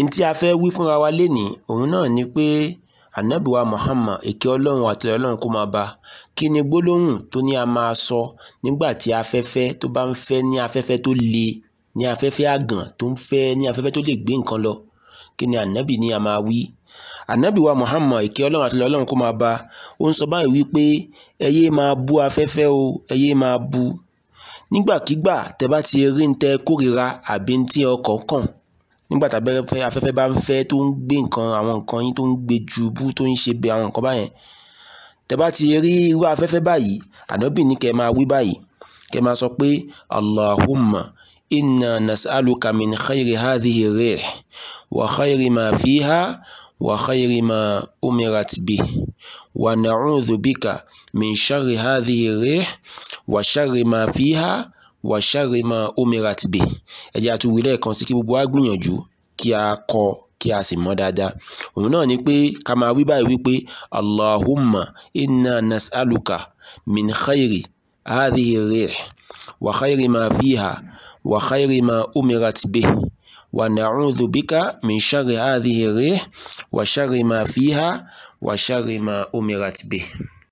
n tí a fẹ́ wí fúnra wa lénìí òun náà ni pé anabiwa muhammad èké ọlọ́run àti ọlọ́run kó máa bá kí ni gbólóhùn tó ní a máa sọ nígbà tí afẹ́fẹ́ tó bá ń fẹ́ ní afẹ́fẹ́ tó le ní afẹ́fẹ́ àgàn tó ń fẹ́ ní afẹ́fẹ́ tó lè gbé nǹkan lọ kí ni anabi ní a máa wí anabiwa muhammad èké ọlọ́run àti ọlọ́run kó máa bá ó ń sọ báyìí wípé ẹ yéé máa bú afẹ́fẹ́ o ẹ máa bú nígbàkigbà tẹ bá ti rí ń tẹ kórìíra àbí ń tí ọkọ̀ kàn nígbà tábẹ́rẹ́ afẹ́fẹ́ bá ń fẹ́ tó ń gbé nǹkan àwọn nǹkan yín tó ń gbé ju bú tó ń ṣe bẹ àwọn nǹkan báyẹn tẹ́ bá ti rí irú afẹ́fẹ́ báyìí ànábì ní kẹ́ máa wí báyìí kẹ́ máa sọ pé allahumma inna nas'aluka min khayri hadhihi rih wa khayri ma fiha wa khayri ma umirat bih wa na'udhu bika min sharri hadhihi rih wa sharri ma fiha wàṣàrè máa omirat bè ẹ jẹ́ àtúwì lẹ́ẹ̀kan sí kí gbogbo wa gbìyànjú kí a kọ kí a sì mọ̀ dáadáa òun náà ni pé ká máa wí báyìí wípé allahumma inna nas'aluka min khayri hadhihi rih wa khayri ma fiha wa khayri ma umirat bih wa na'udhu bika min sharri hadhihi rih wa sharri ma fiha wa sharri ma umirat bih.